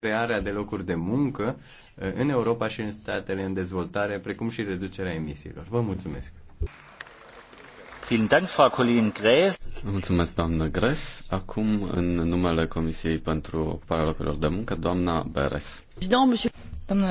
crearea de locuri de muncă uh, în Europa și în statele în dezvoltare, precum și reducerea emisiilor. Vă mulțumesc! Mulțumesc, doamnă Gres. Acum, în numele Comisiei pentru Ocuparea Locurilor de Muncă, doamna Beres. Domnule